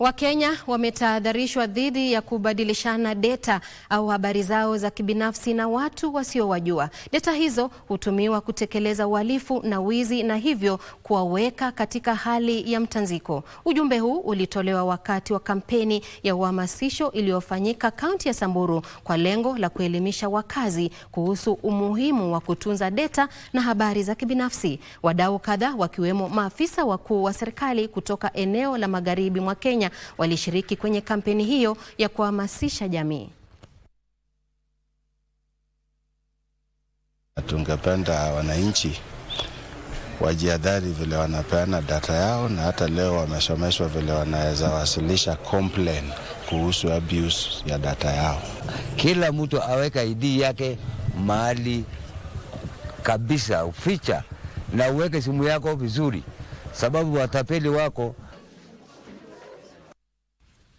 Wakenya wametahadharishwa dhidi ya kubadilishana data au habari zao za kibinafsi na watu wasiowajua. Data hizo hutumiwa kutekeleza uhalifu na wizi na hivyo kuwaweka katika hali ya mtanziko. Ujumbe huu ulitolewa wakati wa kampeni ya uhamasisho iliyofanyika kaunti ya Samburu kwa lengo la kuelimisha wakazi kuhusu umuhimu wa kutunza data na habari za kibinafsi. Wadau kadhaa wakiwemo maafisa wakuu wa serikali kutoka eneo la magharibi mwa Kenya walishiriki kwenye kampeni hiyo ya kuhamasisha jamii. Tungependa wananchi wajiadhari vile wanapeana data yao, na hata leo wamesomeshwa vile wanaweza wasilisha complain kuhusu abuse ya data yao. Kila mtu aweka ID yake mahali kabisa, uficha na uweke simu yako vizuri, sababu watapeli wako